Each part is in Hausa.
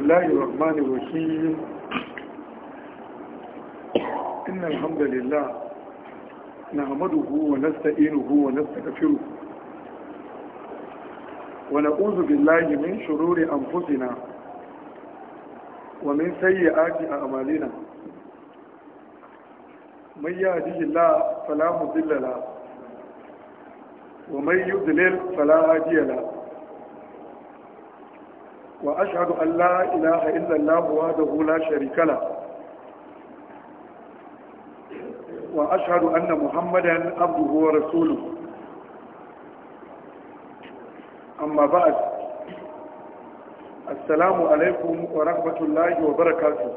الله الرحمن الرحيم إن الحمد لله نعمده ونستئنه ونستغفره ونعوذ بالله من شرور أنفسنا ومن سيئات أعمالنا من يهده الله فلا مضل له ومن يضلل فلا هادي له wa ashadu an la ilaha illallah wa da hula sharikala wa ashadu anna muhammadan abduhu wa rasulu amma ba'ad assalamu alaikum wa rahmatullahi wa barakatuh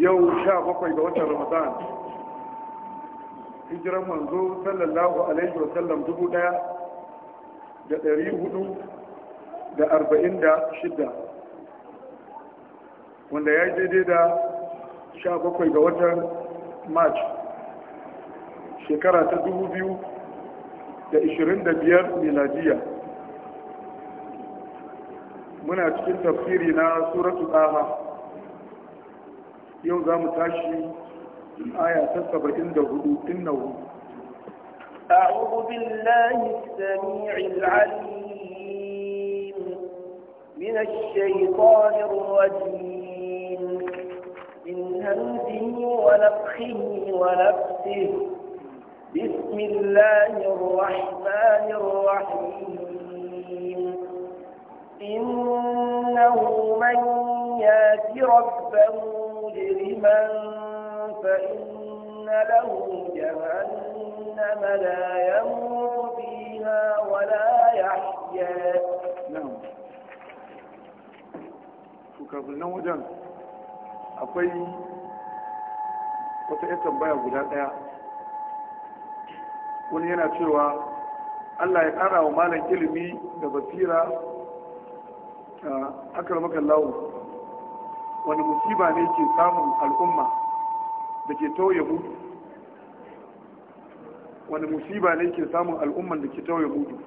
yau sha bakwai ga watan ramadan hijiran manzo sallallahu alaihi wa sallam dubu daya da ɗari hudu da arba'in da shidda wanda ya yi daidai da sha bakwai ga watan march shekara ta dubu biyu da ishirin da biyar miladiya muna cikin tafsiri na suratu tsaha yau za mu tashi aya ta saba'in da hudu inna hudu أعوذ بالله السميع العليم من الشيطان الرجيم من همزه ونفخه ونفسه بسم الله الرحمن الرحيم إنه من يات ربه مجرما فإن له جهنم لا يموت فيها ولا يحيا نعم kafin nan wajen akwai wata 'yan tambaya guda ɗaya wani yana cewa allah ya ƙara wa malam ilimi da basira a akarmakan lawo wani musiba ne ke samun al'umma da ke tauye mutu wani musiba ne ke samun al'umman da ke tauye hudu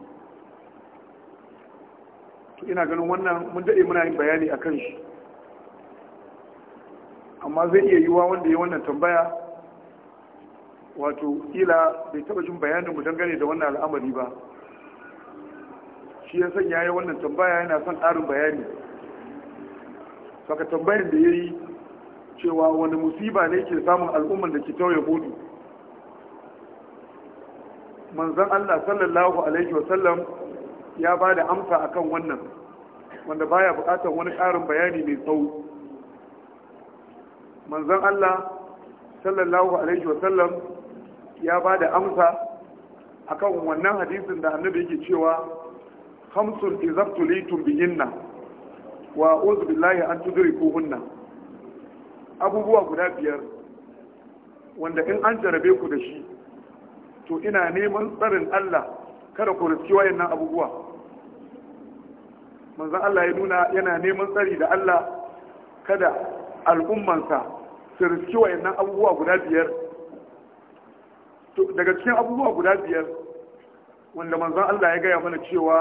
to ina ganin wannan mun daɗe muna yin bayani a kan shi amma zai iya yiwa wanda ya wannan tambaya wato ila bai taɓa jin bayaninmu dangane da wannan al'amari ba shi ya sanya ya wannan tambaya yana son ƙarin bayani saka tambayar da ya yi cewa wani musiba ne ke samun al'umman da ke tauye hudu manzon Allah sallallahu alaihi wasallam ya ba da amsa akan wannan wanda baya bukatar wani ƙarin bayani mai tsawo manzon Allah sallallahu alaihi wasallam ya ba da amsa akan wannan hadisin da annabi yake cewa khamsun izabtulitum bihinna wa a'udhu billahi an tudrikuhunna abubuwa guda biyar wanda in an jarabe ku da shi to ina neman tsarin Allah kada ku riski wayannan abubuwa manzon Allah ya nuna yana neman tsari da Allah kada al'ummansa su riski wayannan abubuwa guda biyar to daga cikin abubuwa guda biyar wanda manzon Allah ya gaya mana cewa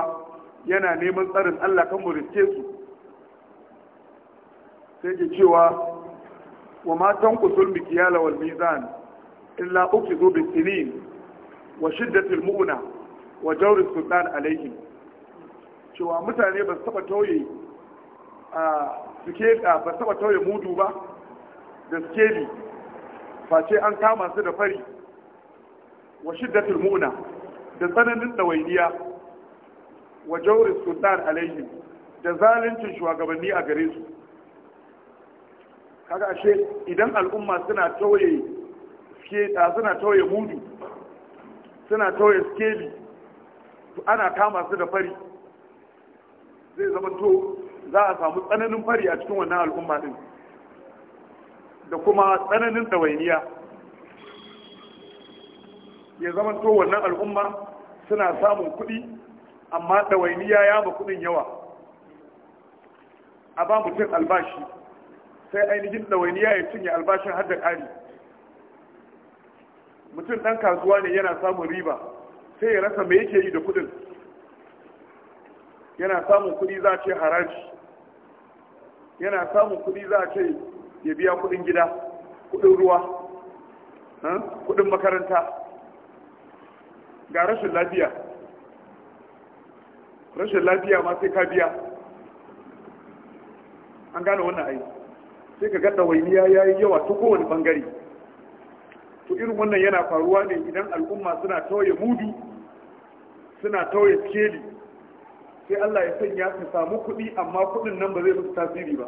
yana neman tsarin Allah kan mu riske su sai ke cewa wa matan kusul mikiyala wal mizan illa ukizu bisinin wa shiddatul mu'una wa jawri sultan alaihim cewa mutane ba su taba tauye a suke ba su taba tauye mudu ba da skeli face an kama su da fari wa shiddatul mu'una da tsananin dawainiya wa jawri sultan alaihim da zaluncin shugabanni a gare su kaga ashe idan al'umma suna tauye sketa suna tauye mudu suna tauye skeli ana kama su da fari zai zama to za a samu tsananin fari a cikin wannan al'umma din da kuma tsananin ɗawainiya ya zama to wannan al'umma suna samun kuɗi amma ɗawainiya ya ma kuɗin yawa a ba mutum albashi sai ainihin ɗawainiya ya cinye albashin har da ƙari mutum ɗan kasuwa ne yana samun riba sai ya rasa mai yake yi da kuɗin yana samun kuɗi za a ce haraji yana samun kuɗi za a ce ya biya kuɗin gida kuɗin ruwa eh, kuɗin makaranta ga rashin lafiya rashin lafiya ma sai ka biya an gane wannan aiki sai ka ga ɗawainiya ya yi yawa ta kowane ɓangare to irin wannan yana faruwa ne idan al'umma suna tauye mudu suna tauye keli sai Allah ya sanya su samu kuɗi amma kuɗin nan ba zai musu tasiri ba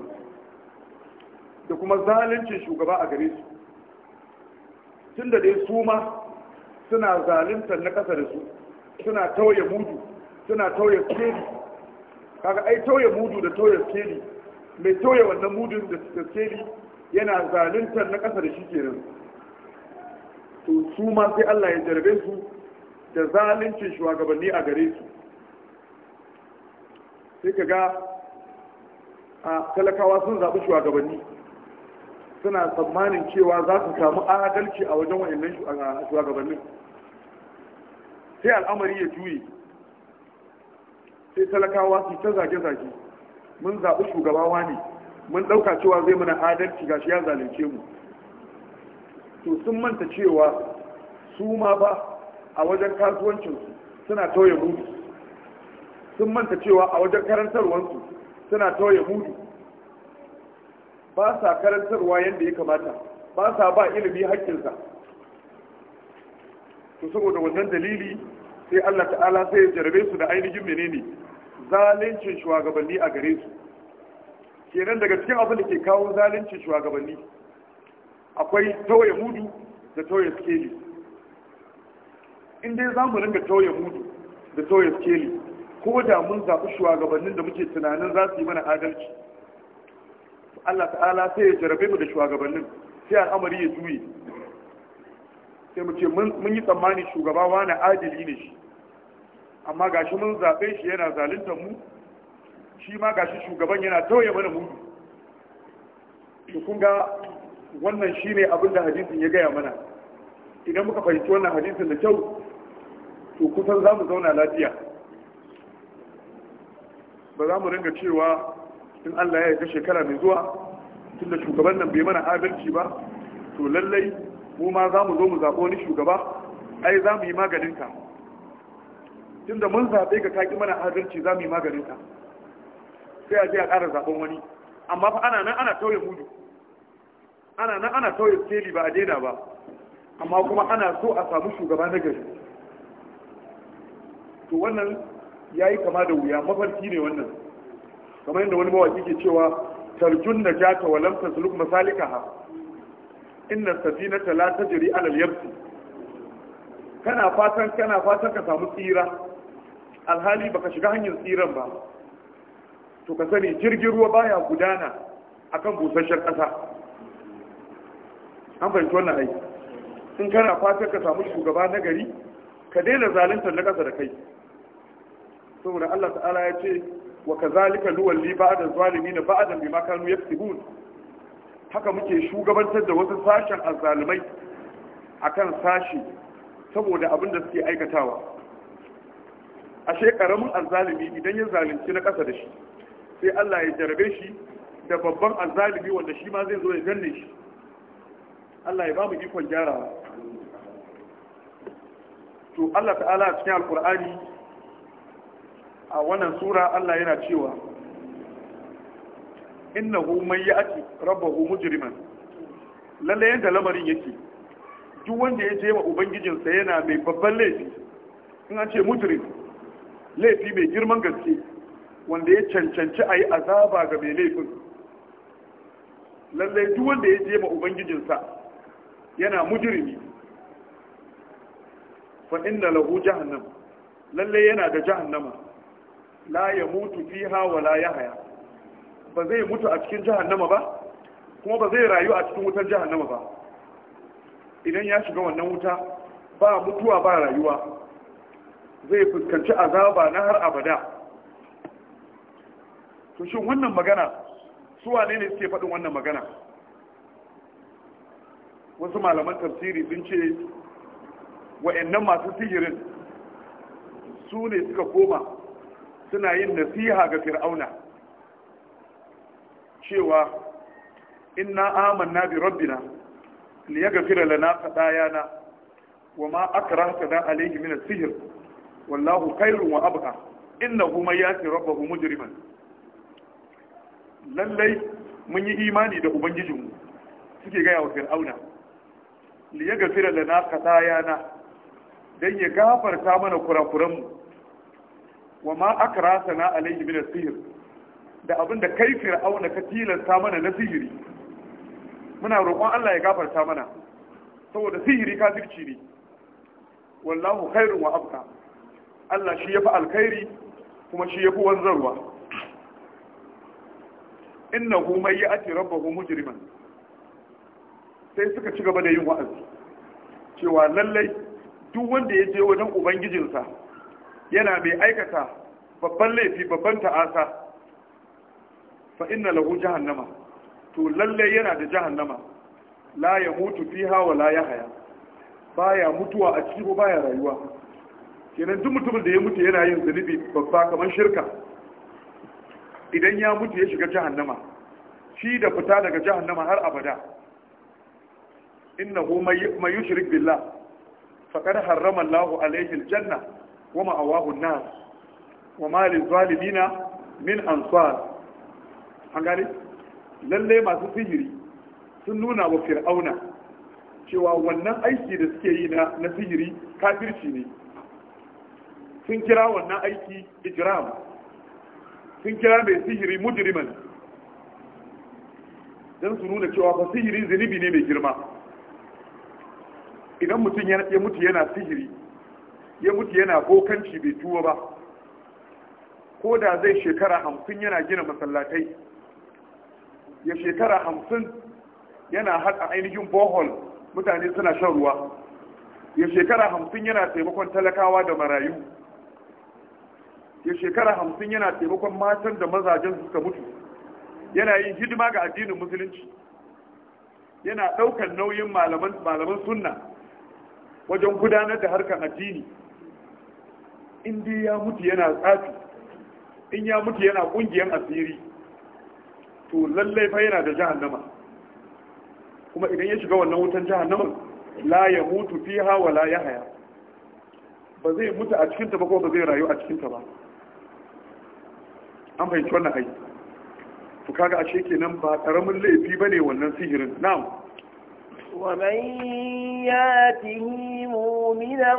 da kuma zaluncin shugaba a gare su tun da dai su ma suna zaluntar na ƙasa da su suna tauye mudu suna tauye keli kaga ai tauye mudu da tauye keli mai tauye wannan mudun da keli yana zaluntar na ƙasa da shi kenan to su ma sai Allah ya jarabe su da zalincin shugabanni a gare su sai ka ga a talakawa sun zaɓi shugabanni suna tsammanin cewa za su samu adalci a wajen wa'annan shugabannin sai al'amari ya juye sai talakawa su ta zage-zage mun zaɓi shugabawa ne mun ɗauka cewa zai mana adalci ga shi ya zalunce mu to sun manta cewa su ma ba a wajen kasuwancinsu suna tauye mudu sun manta cewa a wajen karantarwansu suna tauye mudu ba sa karantarwa yadda ya kamata ba sa ba ilimi haƙƙinsa to saboda wannan dalili sai Allah ta'ala sai ya jarabe su da ainihin menene zalincin shugabanni a gare su kenan daga cikin abin da ke kawo zalincin shugabanni akwai tauye mudu da tauye skeli in dai za mu ringa tauye mudu da tauye skeli ko da mun zaɓi shugabannin da muke tunanin za su yi mana adalci Allah ta'ala sai ya jarabe mu da shugabannin sai al'amari ya juye sai mu ce mun yi tsammani shugaba wani adali ne shi amma gashi mun zaɓe shi yana zaluntar mu shi ma gashi shugaban yana tauye mana mudu to kun wannan shi abin da hadisin ya gaya mana idan muka fahimci wannan hadisin da kyau to kusan za mu zauna lafiya ba za mu ringa cewa in Allah ya yarda shekara mai zuwa tunda shugaban nan bai mana adalci ba to lallai mu ma za mu zo mu zaɓo wani shugaba ai za mu yi maganinka tunda mun zaɓe ka kaki mana adalci za mu yi maganinka sai a je a ƙara zaɓen wani amma fa ana nan ana tauye mudu ana nan ana tauye sikeli ba a daina ba amma kuma ana so a samu shugaba na gari to wannan ya yi kama da wuya mafarki ne wannan kamar yadda wani mawaki ke cewa tarjun na jata wa lamta suluk masalika ha inna safina na Talata Jiri Alal al kana fatan kana fatan ka samu tsira alhali baka shiga hanyar tsiran ba to ka sani jirgin ruwa baya gudana akan busasshen ƙasa. an fahimci wannan aiki in kana fatar ka samu shugaba na gari ka daina zaluntar na ƙasa da kai saboda Allah ta'ala ya ce wa kazalika nuwalli ba'da na ba'da bima kanu yaktubun haka muke shugabantar da wasu sashen azzalumai akan sashi saboda abin da suke aikatawa ashe karamin azzalumi idan ya zalunci na ƙasa da shi sai Allah ya jarabe shi da babban azzalumi wanda shi ma zai zo ya ganne shi Allah ya ba mu ikon gyarawa to Allah ta'ala cikin alkur'ani a wannan sura Allah yana cewa innahu man ya'ti rabbahu mujriman lalle yanda lamarin yake duk wanda ya je wa sa yana mai babban laifi in an ce mujrim laifi mai girman gaske wanda ya cancanci a yi azaba ga mai laifin lallai duk wanda ya je ma ubangijinsa yana mujrimi fa inna lahu jahannam lalle yana da jahannama la yamutu fiha wala la yahya ba zai mutu a cikin jahannama ba kuma ba zai rayu a cikin wutar jahannama ba idan ya shiga wannan wuta ba mutuwa ba rayuwa zai fuskanci azaba na har abada to shin wannan magana su wane ne suke faɗin wannan magana wasu malaman tafsiri sun ce wa'annan masu sihirin su ne suka koma suna yin nasiha ga fir'auna cewa inna amanna bi rabbina liyaghfira lana khatayana wama da alayhi min as-sihr wallahu khairun wa abqa innahu may yati rabbahu mujriman lallai mun yi imani da ubangijinmu suke gaya wa fir'auna gafira da na kata yana dan ya gafarta mana kurakuranmu wa ma akrasana alayhi min da abin da abinda kai fir'auna ka tilasta mana na sihiri muna roƙon Allah ya gafarta mana saboda sihiri ka kafirci ne wallahu khairun wa abqa Allah shi yafi alkhairi kuma shi yafi wanzarwa innahu may ya'ti rabbahu mujriman sai suka ci gaba da yin wa'azi cewa lallai duk wanda ya je wajen ubangijinsa yana mai aikata babban laifi babban ta'asa fa inna lahu jahannama to lallai yana da jahannama la ya mutu fiha wa la yahya baya mutuwa a ciki ko baya rayuwa kenan duk mutumin da ya mutu yana yin zunubi babba kamar shirka idan ya mutu ya shiga jahannama shi da fita daga jahannama har abada innahu may yushrik billah faqad harrama Allahu alayhi aljanna wa ma'awahu an-nar wa ma lizalimina min ansar hangari lalle masu sihiri sun nuna wa fir'auna cewa wannan aiki da suke yi na na sihiri kafirci ne sun kira wannan aiki ijram sun kira mai sihiri mujriman don su nuna cewa fa sihiri zunubi ne mai girma idan mutum ya mutu yana sihiri ya mutu yana bokanci bai tuwa ba ko da zai shekara hamsin yana gina masallatai ya shekara hamsin yana haɗa ainihin bohol mutane suna shan ruwa ya shekara hamsin yana taimakon talakawa da marayu ya shekara hamsin yana taimakon matan da mazajen suka mutu yana yin hidima ga addinin musulunci yana ɗaukar nauyin malaman sunna wajen gudanar da harkar addini in dai ya mutu yana tsafi in ya mutu yana ƙungiyar asiri to lallai fa yana da jahannama kuma idan ya shiga wannan wutan jahannama la ya mutu fiha wala la ya haya ba zai mutu a cikinta ba ko ba zai rayu a cikinta ba an fahimci wannan aiki to kaga ashe kenan ba karamin laifi bane wannan sihirin na'am ومن ياته مؤمنا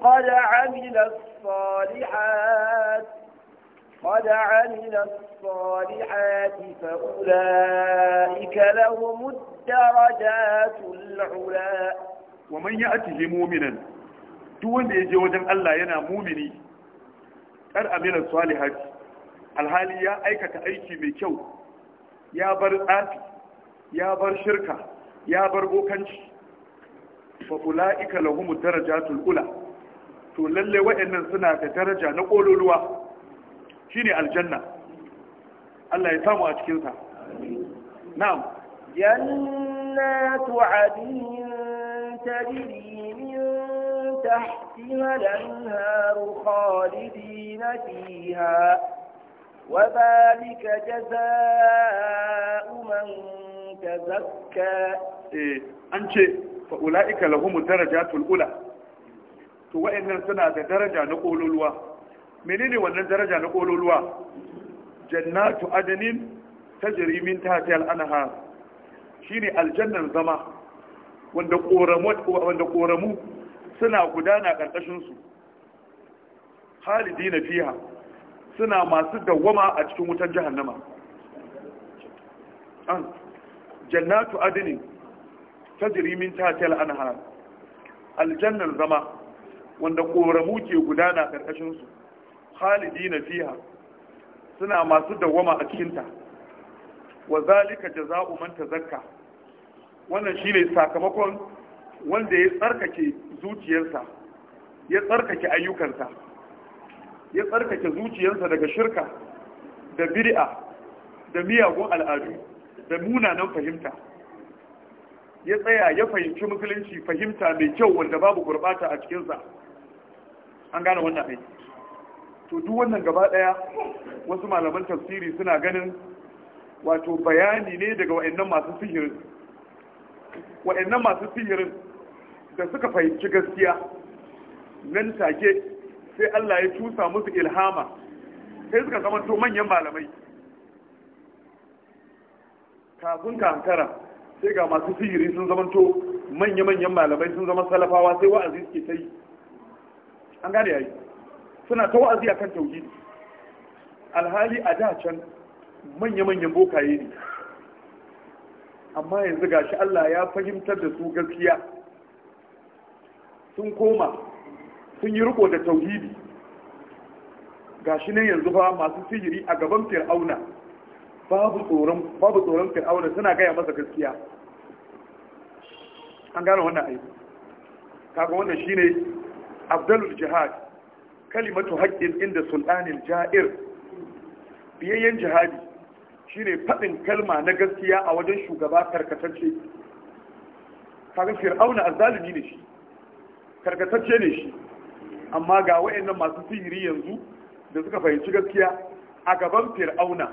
قد عمل الصالحات قد عمل الصالحات فأولئك لهم الدرجات العلا ومن يأته مؤمنا دون يجي وجن الله ينا مؤمني قد عمل الصالحات alhali ya aikata aiki mai kyau ya bar tsafi ya bar shirka ya bar bokanci fa ika lahum darajatul ula to lalle waɗannan suna da daraja na kololuwa shine aljanna Allah ya samu a cikin sa na'am jannatu adin tajri min tahtiha al-anharu khalidina fiha وذلك جزاء من tazakka eh an ce fa ulaika lahum darajatul ula to wa'annan suna da daraja na kololuwa menene wannan daraja na kololuwa jannatu adnin tajri min tahtiha al anha shine aljannan zama wanda koramu wanda koramu suna gudana karkashin su halidina fiha suna masu dawwama a cikin wutan jahannama an jannatu adinin ta jirimin tahtiha al-anhar aljannar zama wanda koramu ke gudana ƙarƙashinsu, su khalidina fiha suna masu dawama a cikin ta wa zalika jaza'u man tazakka wannan shine sakamakon wanda ya tsarkake zuciyarsa ya tsarkake ayyukansa ya tsarkake zuciyarsa daga shirka da bid'a da miyagun al'adu da munanan fahimta ya tsaya ya fahimci musulunci fahimta mai kyau wanda babu gurbata a cikinsa an gane wannan aiki to duk wannan gaba daya wasu malaman tafsiri suna ganin wato bayani ne daga wa'annan masu sihirin wa'annan masu sihirin da suka fahimci gaskiya nan take sai Allah ya tusa musu ilhama sai suka zamanto manyan malamai kafin ka hankara sai ga masu sihiri sun zamanto manya-manyan malamai sun zama salafawa sai wa'azi suke ta yi an gane yayi suna ta wa'azi a kan tauhidi alhali a da can manya-manyan bokaye ne amma yanzu gashi Allah ya fahimtar da su gaskiya sun koma sun yi riko da tauhidi gashi ne yanzu fa masu sihiri a gaban fir'auna babu tsoron fir'auna suna gaya masa gaskiya an gano wannan aiki kaga wannan shine abdalul jihad kalimatu haqqin inda sultanil ja'ir biyayyen jihadi shine fadin kalma na gaskiya a wajen shugaba karkatacce kaga fir'auna azzalimi ne shi karkatacce ne shi amma ga wayannan masu sihiri yanzu da suka fahimci gaskiya a gaban fir'auna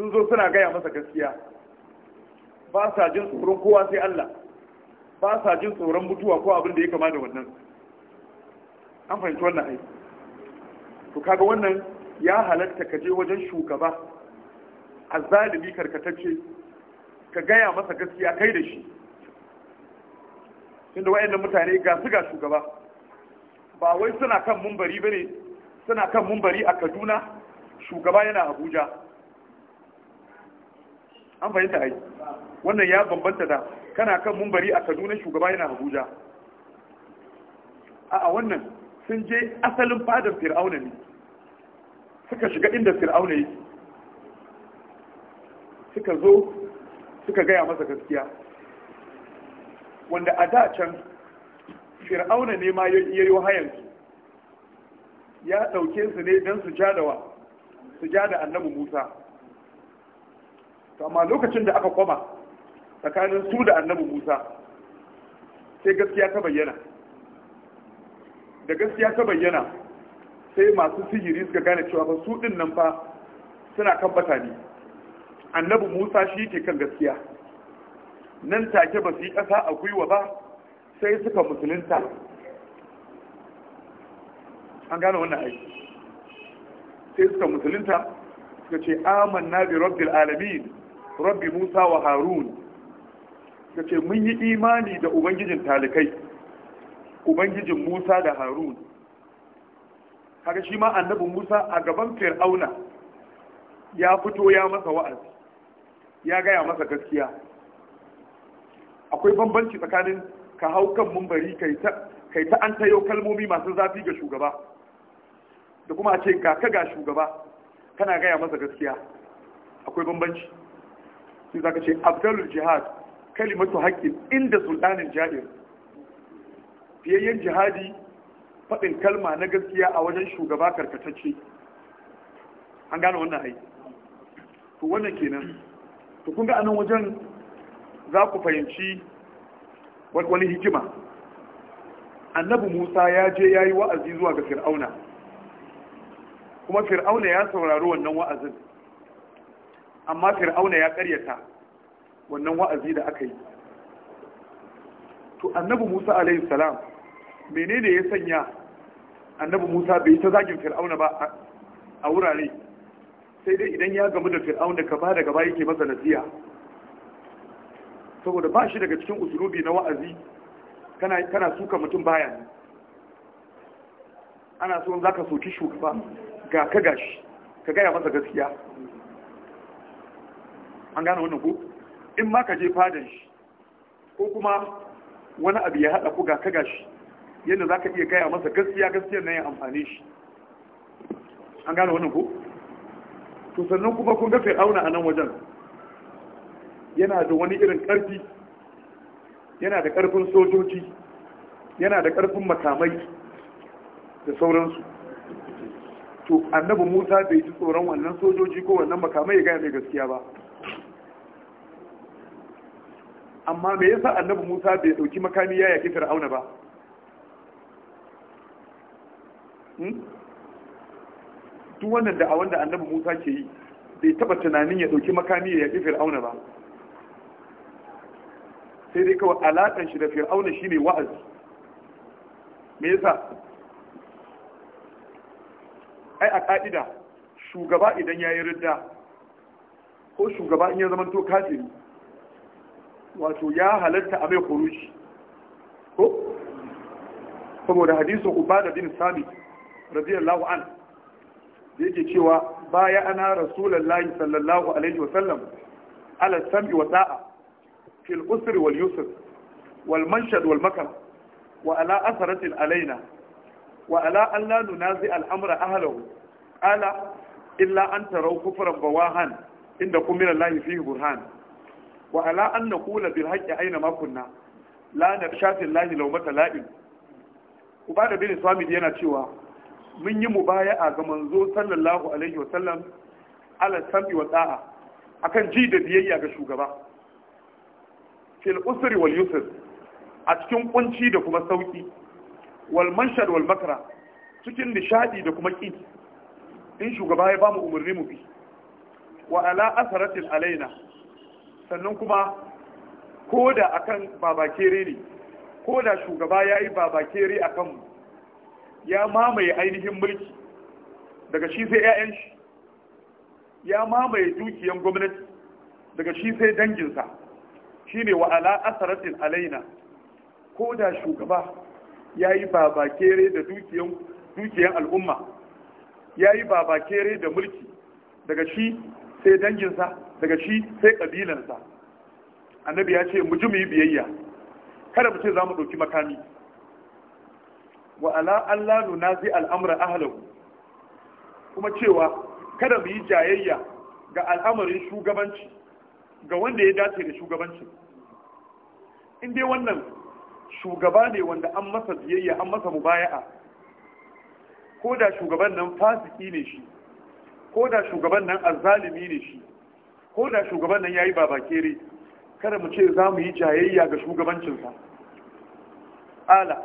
sun zo suna gaya masa gaskiya ba sa jin tsoron kowa sai Allah ba sa jin tsoron mutuwa ko abin da ya kama da wannan an fahimci wannan aiki to kaga wannan ya halatta ka je wajen shugaba a zalibi karkatacce ka gaya masa gaskiya kai da shi inda wayannan mutane ga su ga shugaba ba wai suna kan mumbari bane suna kan mumbari a Kaduna shugaba yana Abuja an fahimta ai wannan ya bambanta da kana kan mumbari a kaduna shugaba yana abuja a wannan sun je asalin fadar fir'auna ne suka shiga inda fir'auna yake suka zo suka gaya masa gaskiya wanda a da can fir'auna ne ma ya yi ya ɗauke su ne don su ja da su ja da annabi musa to amma lokacin da aka koma tsakanin su da annabi Musa sai gaskiya ta bayyana da gaskiya ta bayyana sai masu sihiri suka gane cewa ba su din nan fa suna kan batani annabi Musa shi ke kan gaskiya nan take ba su yi ƙasa a gwiwa ba sai suka musulunta an gane wannan aiki sai suka musulunta suka ce amanna bi rabbil alamin rabbi musa wa harun ya ce mun yi imani da ubangijin talikai ubangijin musa da harun haka shi ma annabi musa a gaban fir'auna ya fito ya masa wa'azi ya gaya masa gaskiya akwai bambanci tsakanin ka hau kan mumbari kai ta an tayo kalmomi masu zafi ga shugaba da kuma a ce ga ka ga shugaba kana gaya masa gaskiya akwai bambanci sai za ce abdalul jihad kalimatu haƙƙin inda sultanin ja'ir fiyayyen jihadi faɗin kalma na gaskiya a wajen shugaba karkatacce an gane wannan ai to wannan kenan to kun ga anan wajen za ku fahimci wani hikima annabi musa ya je ya yi wa'azi zuwa ga fir'auna kuma fir'auna ya saurari wannan wa'azin amma fir'auna ya karyata wannan wa'azi da aka yi to annabi musa alaihi salam menene ya sanya annabi musa bai ta zagin fir'auna ba a wurare sai dai idan ya gamu da fir'auna ka da gaba yake masa nasiha saboda ba shi daga cikin usulubi na wa'azi kana suka mutum bayan ana so za ka soki shugaba ga ka gashi ka gaya masa gaskiya an gane wannan ko in ma ka je fadan shi ko kuma wani abu ya haɗa ku ga ka gashi yadda za ka iya gaya masa gaskiya gaskiyar na yin amfani shi an gane wannan ko to sannan kuma kun ga auna a nan wajen yana da wani irin ƙarfi yana da ƙarfin sojoji yana da ƙarfin makamai da sauransu to annabi musa bai ji tsoron wannan sojoji ko wannan makamai ya gaya mai gaskiya ba amma me yasa annabi Musa bai dauki makami ya yaki Fir'auna ba hmm? duk wannan da a wanda annabi Musa ke yi bai taba tunanin ya dauki makami ya yaki Fir'auna ba sai dai kawai alaƙan shi da Fir'auna shine wa'azi me yasa ai a ka'ida shugaba idan yayi ridda ko shugaba in ya zama to kafiri wato ya halatta a mai kuruji ko saboda hadisin ubada bin sami radiyallahu an da yake cewa baya ana rasulullahi sallallahu alaihi wasallam ala sam'i wa da'a fil usri wal yusr wal manshad wal makar wa ala asaratin alaina wa ala an la nunazi al'amra ahlahu ala illa an tarau kufran bawahan inda kun min Allah fihi burhan wa ala an naqula bil haqqi aina ma kunna la nabshati llahi law mata la'in ubada bin samid yana cewa mun yi mubaya'a ga manzo sallallahu alaihi wa sallam ala sam'i wa ta'a akan ji da biyayya ga shugaba fil usri wal yusr a cikin kunci da kuma sauƙi, wal manshad wal makra cikin nishaɗi da kuma ki in shugaba ya bamu umarni mu bi wa ala asaratin alaina sannan kuma ko da kan babakere ne ko da shugaba ya yi babakere a kanmu ya mamaye ainihin mulki daga shi sai 'ya'yan shi ya mamaye dukiyan gwamnati daga shi sai danginsa shi ne wa ala alaina ko da shugaba ya yi babakere da dukiyan al'umma ya yi babakere da mulki daga shi sai danginsa daga shi sai kabilansa annabi ya ce mu ji mu yi biyayya kada mu ce za mu ɗauki makami wa ala Allah nunazi al'amra ahlahu kuma cewa kada mu yi jayayya ga al'amarin shugabanci ga wanda ya dace da shugabanci in dai wannan shugaba ne wanda an masa biyayya an masa mubaya'a ko da shugaban nan fasiki ne shi ko da shugaban nan azzalimi ne shi ko da shugaban nan ya yi kere, kada mu ce za mu yi jayayya ga shugabancinsa ala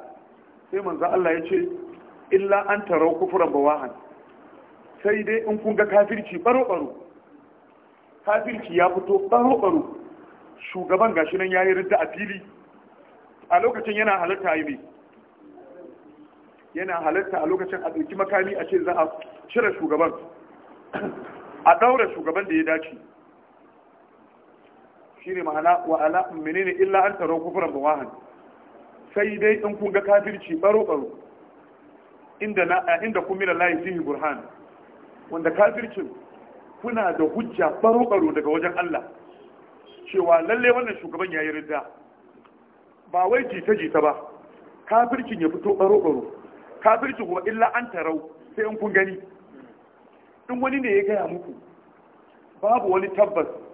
sai manzan Allah ya ce illa an taro kufuran bawahan sai dai in kun ga kafirci baro-baro kafirci ya fito baro-baro shugaban gashi nan ya yi ridda a fili a lokacin yana halatta yi yana halatta a lokacin a ɗauki makami a ce za a cire shugaban a ɗaura shugaban da ya dace shine ma'ana wa ala menene illa an taro kufran bawahan sai dai in kun ga kafirci baro baro inda na inda kun mina lahi fihi burhan wanda kafircin kuna da hujja baro baro daga wajen Allah cewa lalle wannan shugaban yayi ridda ba wai jita jita ba kafircin ya fito baro baro kafircin kuma illa an tarau sai in kun gani in wani ne ya gaya muku babu wani tabbas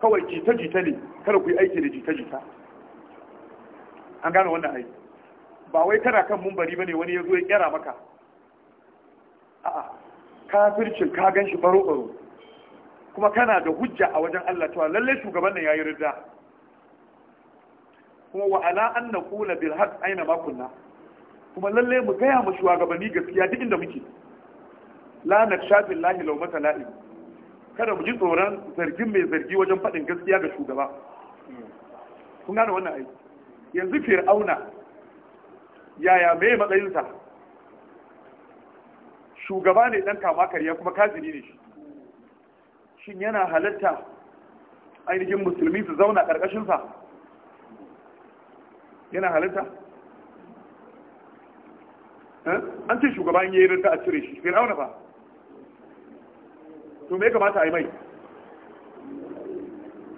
kawai jita-jita ne kada ku yi aiki da jita-jita an gane wannan aiki ba wai kana kan mumbari ne wani ya zo ya kera maka a'a kafircin ka gan shi baro-baro kuma kana da hujja a wajen Allah cewa lalle shugaban nan yayi ridda kuma wa ala an naqula bil haqq aina ma kunna kuma lallai mu gaya mu shugabanni gaskiya duk inda muke la shafin lahi law kada mu ji tsoron zargin mai zargi wajen faɗin gaskiya ga shugaba kun gane wannan aiki yanzu fir'auna yaya mai matsayinsa shugaba ne ɗan kama karya kuma kazini ne shi shin yana halatta ainihin musulmi su zauna ƙarƙashinsa yana halatta eh? an ce shugaban yi rinta a cire shi fir'auna ba to me kamata a yi mai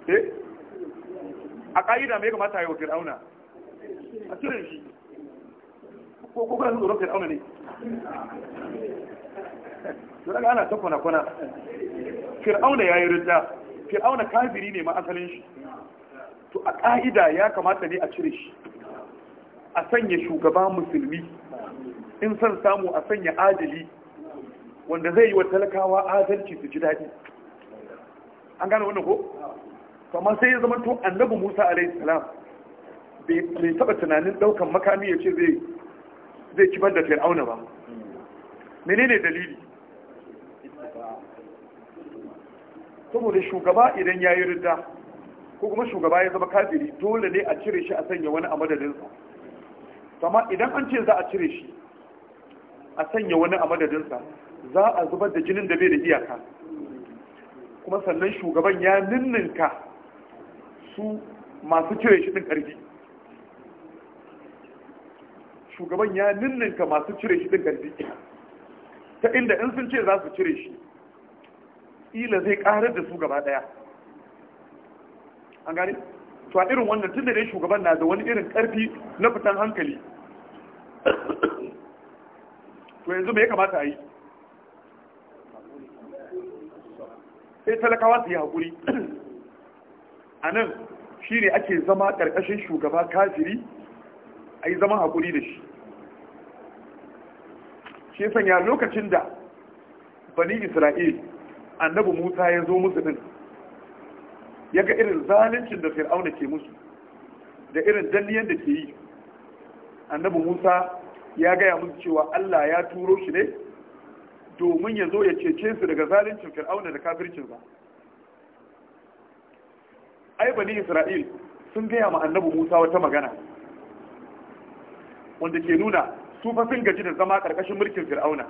eh a ƙa'ida me kamata a yi wa fir'auna a cire shi ko ko kana tsoron fir'auna ne to daga ana ta kwana kwana ya yi rinta. fir'auna kafiri ne ma'asalin shi to a ƙa'ida ya kamata ne a cire shi a sanya shugaba musulmi in son samu a sanya adali wanda zai yi wa talakawa adalci su ji daɗi an gane wannan ko amma sai ya zama tun annabi musa alaihi salam bai taɓa tunanin daukan makami ya ce zai kibar da fir'auna ba menene dalili saboda shugaba idan ya yi rida, ko kuma shugaba ya zama kafiri dole ne a cire shi a sanya wani a madadinsa amma idan an ce za a cire shi a sanya wani a madadinsa za a zubar da jinin da bai da iyaka kuma sannan shugaban ya ninninka su masu cire shi din karfi shugaban ya ninninka masu cire shi din karfi ta inda in sun ce za su cire shi ila zai karar da su gaba daya an gane to a irin wannan tun da dai shugaban na da wani irin karfi na fitan hankali to yanzu me ya kamata a yi sai talakawa su yi haƙuri a nan shi ne ake zama ƙarƙashin shugaba kafiri a yi zama haƙuri da shi shi sanya lokacin da bani isra'il annabi musa ya zo musu din ya ga irin zalincin da fir'auna ke musu da irin danniyan da ke yi annabi musa ya gaya musu cewa allah ya turo shi ne domin ya zo ya cece su daga zalincin fir'auna da ba ai bani isra'il sun gaya ma annabi musa wata magana wanda ke nuna su fa sun gaji da zama karkashin mulkin fir'auna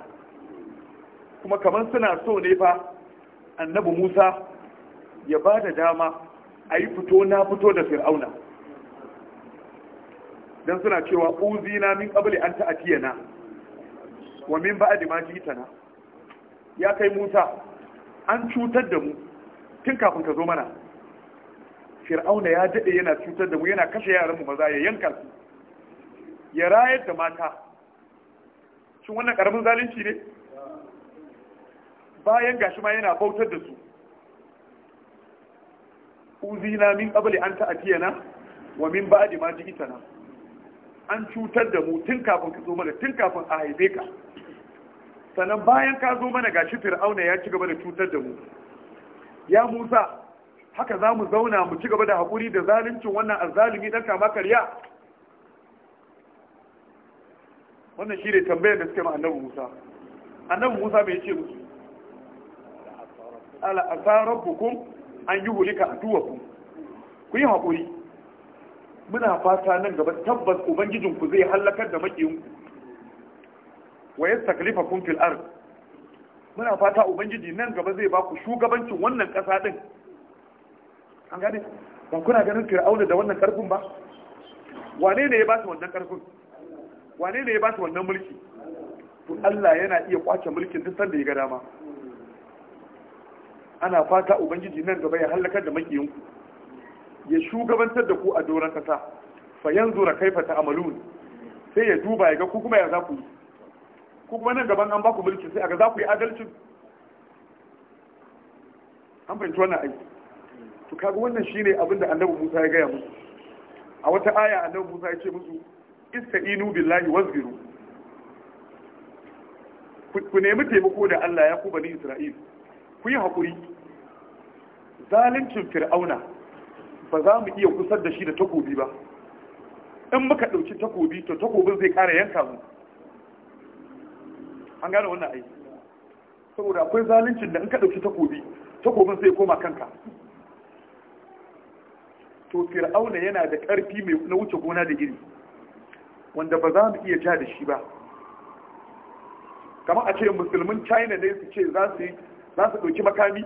kuma kamar suna so ne fa annabi musa ya ba da dama a yi fito na fito da fir'auna Dan suna cewa na min kabali an ta'atiyana wa min ba'adi ma jitana ya kai musa an cutar da mu tun kafin ka zo mana fir'auna ya daɗe yana cutar da mu yana kashe yaran mu maza ya yanka su ya rayar da mata shin wannan karamin zalunci ne bayan gashi ma yana bautar da su uzina min qabli an ta'tiyana wa min ba'di ma ji'tana an cutar da mu tun kafin ka zo mana tun kafin a haife ka sannan bayan ka zo mana gashi fir'auna ya ci gaba da cutar da mu ya musa haka za mu zauna mu ci gaba da haƙuri da zaluncin wannan azalimi ɗan kama karya wannan shi ne tambayar da suke ma annabi musa annabi musa mai ce musu ala bukun an yi hulika a duwakum ku yi haƙuri muna fata nan gaba tabbas ubangijinku zai hallakar da maƙiyinku wa yastaklifakum fil ard muna fata ubangiji nan gaba zai ba ku shugabancin wannan ƙasa din an gane ba kuna ganin fir'auna da wannan karfin ba wane ne ya ba shi wannan karfin wane ne ya ba shi wannan mulki to Allah yana iya kwace mulkin duk sanda ya ga dama ana fata ubangiji nan gaba ya halakar da makiyanku ya shugabantar da ku a doron kasa fa yanzu ra kaifa amalun sai ya duba ya ga ku kuma ya za ku yi ko kuma nan gaban an ba ku mulki sai a ga za ku yi adalcin an fahimci wannan aiki to kaga wannan shine abin da annabi Musa ya gaya musu a wata aya annabi Musa ya ce musu ista'inu billahi wasbiru ku nemi taimako da Allah ya ku bani Isra'il ku yi hakuri zalincin fir'auna ba za mu iya kusar da shi da takobi ba in muka ɗauki takobi to takobin zai ƙara yanka mu an gane wannan aiki saboda akwai zaluncin da in ka ɗauki takobi takobin sai koma kanka to fir'auna yana da ƙarfi mai na wuce gona da iri wanda ba za mu iya ja da shi ba kamar a ce musulmin china ne su ce za su ɗauki makami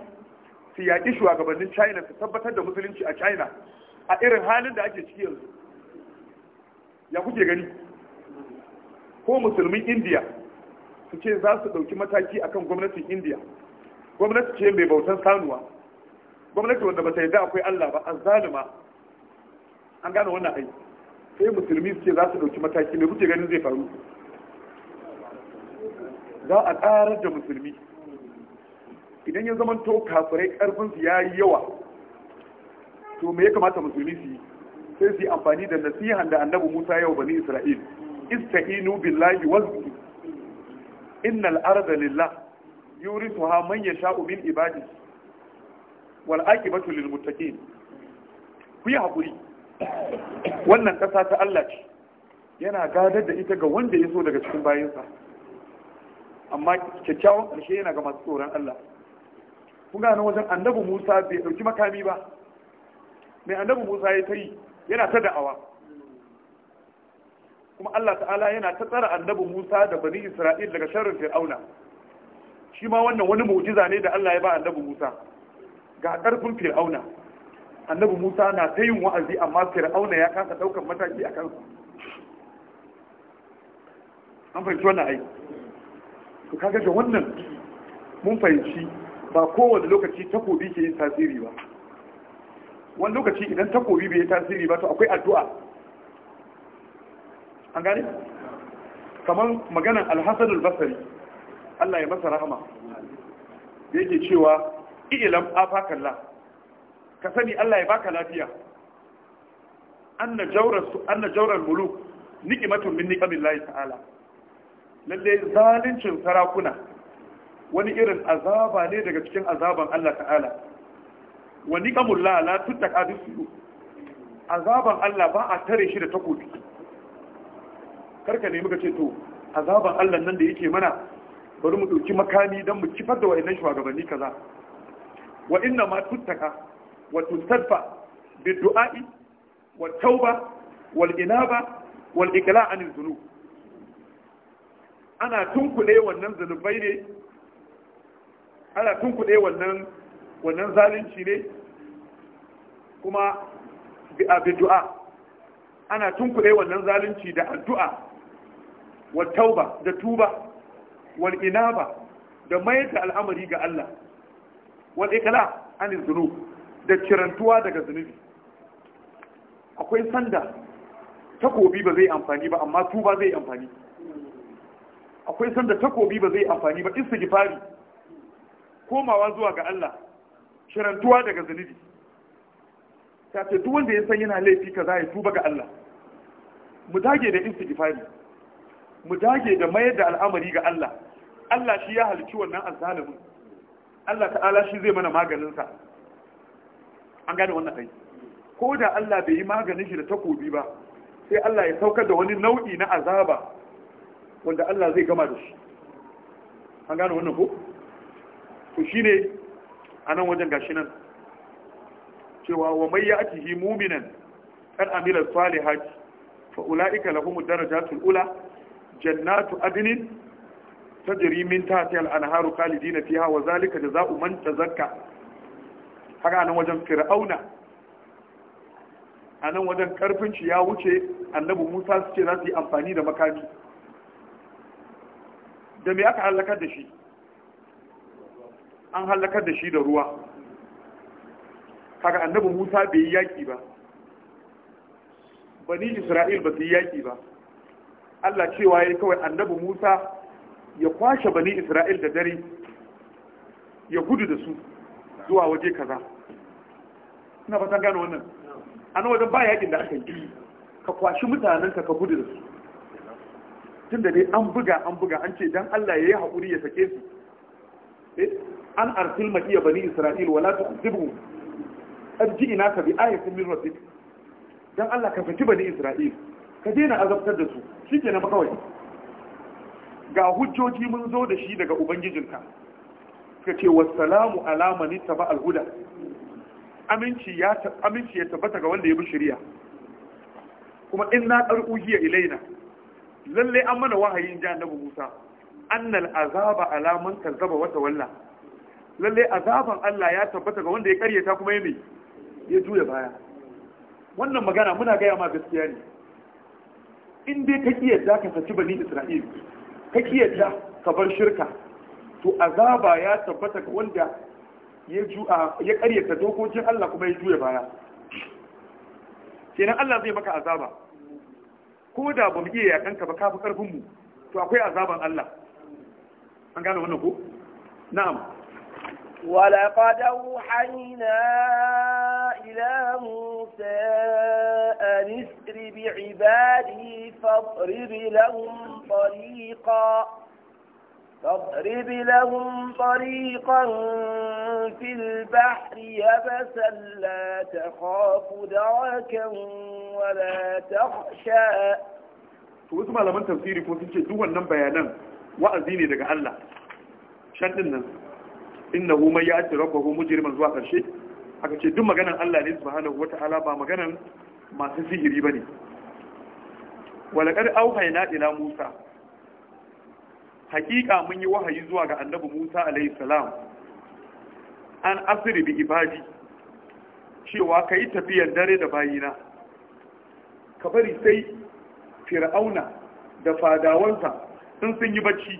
su yaƙi shugabannin china su tabbatar da musulunci a china a irin halin da ake ciki yanzu ya kuke gani ko musulmin india su ce za su ɗauki mataki a kan gwamnatin indiya gwamnati ce mai bautan sanuwa gwamnati wanda ba ta yarda akwai allah ba an zalima an gane wannan aiki sai musulmi su ce za su ɗauki mataki mai kuke ganin zai faru za a ƙara da musulmi idan ya zama to kafirai ƙarfinsu ya yi yawa to me ya kamata musulmi su yi sai su yi amfani da nasihan da annabi musa yau bani isra'il ista'inu billahi wasu innal arda lillah yurithuha man yasha'u min ibadi wal aqibatu lil muttaqin ku yi hakuri wannan kasa ta Allah ce yana gadar da ita ga wanda ya so daga cikin bayinsa amma kyakkyawan ƙarshe yana ga masu tsoron Allah kun gano wajen annabi Musa bai ɗauki makami ba mai annabi Musa ya ta yi yana ta da'awa kuma Allah ta'ala yana ta tsara annabi Musa da bani Isra'il daga sharrin Fir'auna shi ma wannan wani mu'jiza ne da Allah ya ba annabi Musa ga karfin Fir'auna annabi Musa na ta yin wa'azi amma Fir'auna ya kasa daukar mataki a kansa an fahimci wannan ai to kaga da wannan mun fahimci ba kowane lokaci takobi ke yin tasiri ba wani lokaci idan takobi bai yi tasiri ba to akwai addu'a an gane kamar maganan alhassan albasari Allah ya masa rahama da yake cewa ilam afakalla ka sani Allah ya baka lafiya anna jawrar anna jawrar muluk ni'matun min ni'amillahi ta'ala lalle zalincin sarakuna wani irin azaba ne daga cikin azaban Allah ta'ala wa ni'amullah la tuttaka bisu azaban Allah ba a tare shi da takobi karka ne muka ce to azaban Allah nan da yake mana bari mu ɗauki makami don mu kifar da wayannan shugabanni kaza wa inna ma tuttaka wa tuttadfa bi du'a'i wa tauba wal inaba wal ikla an zunub ana tunkule wannan zunubai ne ana tunkule wannan wannan zalunci ne kuma bi du'a ana tunkule wannan zalunci da addu'a wal tauba da tuba wal inaba da mayar da al'amari ga Allah wal ikla an zunub da kirantuwa daga zunubi akwai sanda takobi ba zai amfani ba amma tuba zai amfani akwai sanda takobi ba zai amfani ba istighfari komawa zuwa ga Allah kirantuwa daga zunubi ta ce duk wanda ya san yana laifi kaza ya tuba ga Allah mu dage da istighfari mu dage da mayar da al'amari ga Allah Allah shi ya halicci wannan azzalimin Allah ta'ala shi zai mana maganin sa an gane wannan kai ko da Allah bai yi maganin shi da takobi ba sai Allah ya saukar da wani nau'i na azaba wanda Allah zai gama da shi an gane wannan ko to shine anan wajen gashi nan cewa wa mai ya yi muminan kan amilar salihati fa ula'ika lahumud darajatul ula jannatu adinin tajri min tahtiha al-anharu na fi hawa, zalika da jazaa'u man tazakka haka nan wajen fir'auna anan wajen karfin shi ya wuce annabi Musa su ce za su yi amfani da makami da me aka halakar da shi an halakar da shi da ruwa haka annabi Musa bai yi yaƙi ba bani Isra'il ba su yi yaƙi ba Allah cewa ya kawai annabi Musa ya kwashe bani Isra'il da dare ya gudu da su zuwa waje kaza ina fatan gano wannan a wajen ba yakin da aka yi ka kwashi mutanenka ka gudu da su tun da dai an buga an buga an ce don Allah ya yi haƙuri ya sake su eh, an arsil maƙiya bani Isra'il wala ta azibu an ji ina ka bi ayatin min rabbik Don Allah ka fiti bani Isra'il ka daina azabtar da su shi ke na makawai. ga hujjoji mun zo da shi daga ubangijinka ka ce wasalamu alamani taba alhuda aminci ya tabbata ga wanda ya bi shirya kuma in na hiya ilaina lalle an mana wahayin ja na musa annal azaba alaman kazzaba wata walla lalle azaban allah ya tabbata ga wanda ya karyata kuma ya mai ya juya baya wannan magana muna gaya ma gaskiya ne in dai ka kiyarta ka saki bani isra'il ka kiyarta ka bar shirka to azaba ya tabbata ga wanda ya ju'a ya karyata dokokin Allah kuma ya juya baya kenan Allah zai maka azaba ko da ba mu iya yakan ka ba ka fi karfin mu to akwai azaban Allah an gane wannan ko na'am ولقد أوحينا إلى موسى أن اسر بعبادي فاضرب لهم طريقا فاضرب لهم طريقا في البحر يبسا لا تخاف دركا ولا تخشى to لمن تفسيري tafsiri دوال نمبر يا نم wannan bayanan الله شدنا Inna innahu man ya'ti rabbahu mujriman zuwa karshe aka ce duk maganan Allah ne subhanahu wata'ala ba maganan masu sihiri bane walaqad auhayna ila Musa haqiqa mun yi wahayi zuwa ga annabi Musa alayhi salam an asri bi ibadi cewa ka tafiyar dare da bayina ka bari sai fir'auna da fadawansa sun sun yi bacci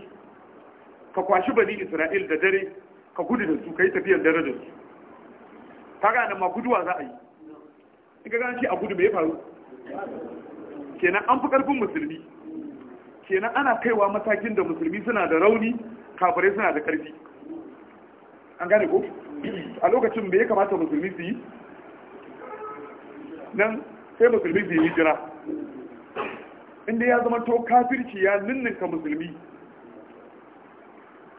ka kwashi bani isra'il da dare ka gudu da su ka yi tafiyar dare da su kaga nan ma guduwa za a yi in ka gane shi a gudu me ya faru kenan an fi karfin musulmi kenan ana kaiwa matakin da musulmi suna da rauni kafirai suna da karfi an gane ko a lokacin me ya kamata musulmi su yi nan sai musulmi su yi hijira inda ya zama to kafirci ya ninninka musulmi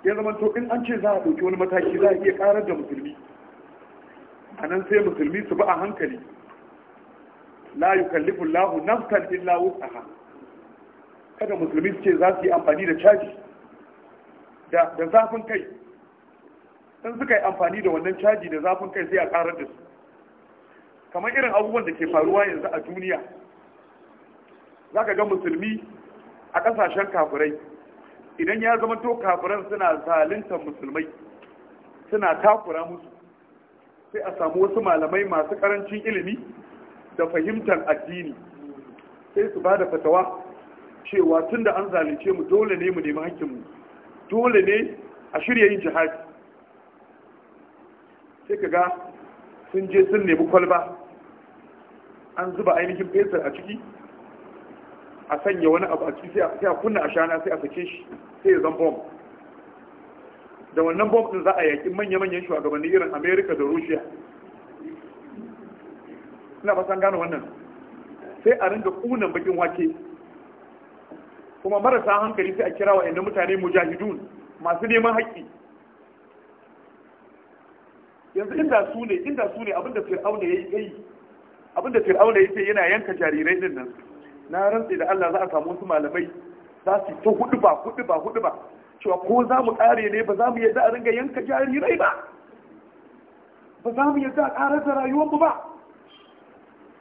ya zama to in an ce za a ɗauki wani mataki za a iya ƙarar da musulmi a nan sai musulmi su ba a hankali la yukallifu Allahu lawo illa ha kada musulmi su ce za su yi amfani da caji da zafin kai sun suka yi amfani da wannan caji da zafin kai sai a ƙarar da su kamar irin abubuwan da ke faruwa yanzu a duniya za ka ga musulmi a ƙasashen kafirai idan ya zama to kafiran suna zaluntar musulmai suna takura musu sai a samu wasu malamai masu karancin ilimi da fahimtar addini sai su ba da fatawa cewa tun da an zalunce mu dole ne mu nemi hakkinmu dole ne a shirya yin jihadi sai ka ga sun je sun nemi kwalba an zuba ainihin fesar a ciki a sanya wani abu a ciki sai a kunna ashana sai a sake shi sai ya zan bomb da wannan bomb din za a yaki manya-manyan shugabanni irin America da Russia ina fasan gano wannan sai a ringa kunan bakin wake kuma marasa hankali sai a kira wa inda mutane mujahidun masu neman haƙƙi yanzu inda su ne inda su ne abinda fir'auna ya yi abinda fir'auna ya yi, yana yanka jarirai din nan na rantsi da Allah za a samu wasu malamai za su ta hudu ba hudu ba hudu ba cewa ko za mu kare ne ba za mu yadda a ringa yanka jarirai ba ba za mu yadda a karar da mu ba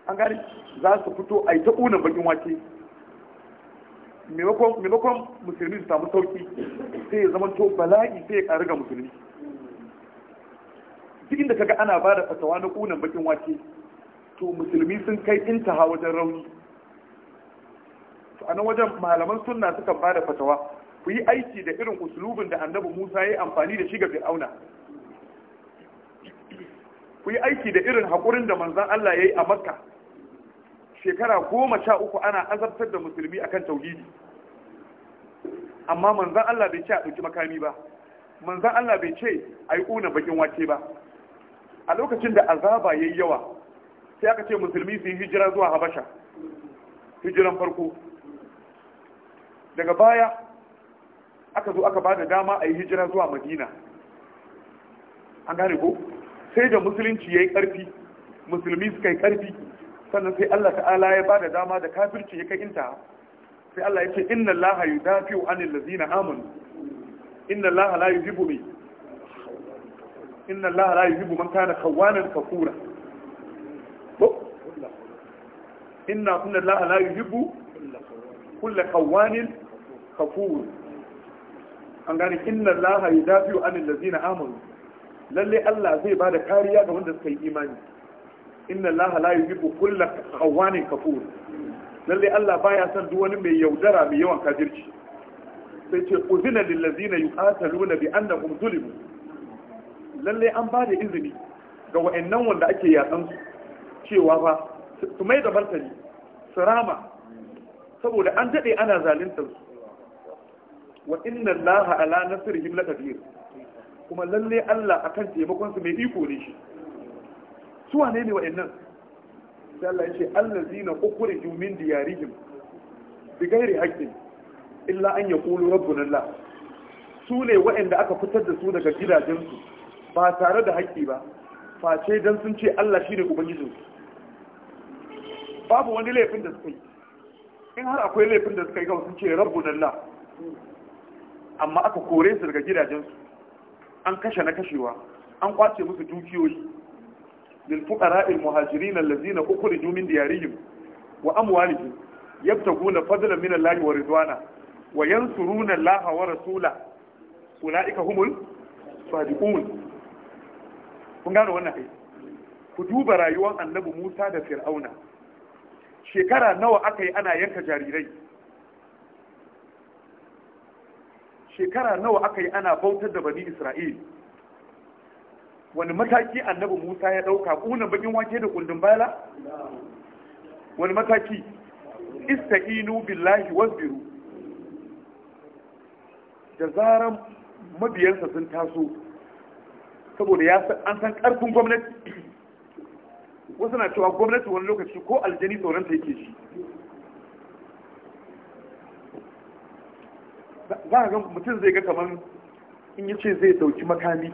an gani za su fito a yi ta ƙunan bakin wake maimakon musulmi su samu sauki sai ya zama to bala'i sai ya ƙari ga musulmi duk inda kaga ana ba da fatawa na ƙunan bakin wake to musulmi sun kai intaha wajen rauni Ana a nan wajen malaman sunna suka ba da fatawa ku yi aiki da irin usulubin da annabi musa ya yi amfani da shi ga fir'auna ku yi aiki da irin haƙurin da manzan allah ya yi a makka shekara goma sha uku ana azabtar da musulmi akan tauhidi amma manzan allah bai ce a ɗauki makami ba manzan allah bai ce a yi ƙuna bakin wace ba a lokacin da azaba ya yi yawa sai aka ce musulmi su yi hijira zuwa habasha hijiran farko daga baya aka zo aka ba da dama a yi hijira zuwa madina an gane ko sai da musulunci ya yi ƙarfi musulmi suka yi ƙarfi sannan sai allah ta'ala ya ba da dama da kafirci ya kai inta sai allah ya ce inna allaha yudafi'u anil lazina amanu inna allaha la yuhibbu mai inna allaha la yuhibbu man kana khawanan kafura inna kunna allaha la yuhibbu kulla kawanin kafur an gane inna allaha yudafi'u anil ladzina amanu lalle Allah zai ba da kariya ga wanda suka yi imani inna allaha la yuhibbu kulla kawanin kafur lalle Allah baya son duk wani mai yaudara mai yawan kafirci sai ce uzina lil ladzina yuqataluna bi annahum zulimu lalle an ba da izini ga wa'annan wanda ake yatsan su cewa fa su mai da martani su rama saboda an daɗe ana zaluntar su wa inna allaha ala nasrihim kadir kuma lalle Allah akan taimakon su mai iko ne shi su wane ne wa'annan sai Allah ya ce allazina ukhrijum min diyarihim bi ghairi haqqin illa an yaqulu rabbuna Allah su ne wa'anda aka fitar da su daga gidajensu ba tare da haƙƙi ba face dan sun ce Allah shine ubangijinsu babu wani laifin da suka yi in har akwai laifin da suka yi kawai sun ce da Allah amma aka kore su daga gidajensu an kashe na kashewa an kwace musu dukiyoyi lil fuqara al muhajirin allazina ukhriju min diyarihim wa amwalihim yabtaguna fadlan min Allah wa ridwana wa yansuruna Allah wa rasula ulaika humul sadiqun kun gano wannan kai ku duba rayuwar annabi Musa da Fir'auna shekara nawa aka yi ana yanka jarirai shekara nawa aka yi ana bautar da bani isra'il wani mataki annabi musa ya ɗauka kuna bakin wake da kundin bala wani mataki ista'inu billahi wasbiru da zaran mabiyansa sun taso saboda ya an san ƙarfin gwamnati wasu na cewa gwamnati wani lokaci ko aljani tsoron yake shi za a ga mutum zai ga kamar in yi ce zai dauki makami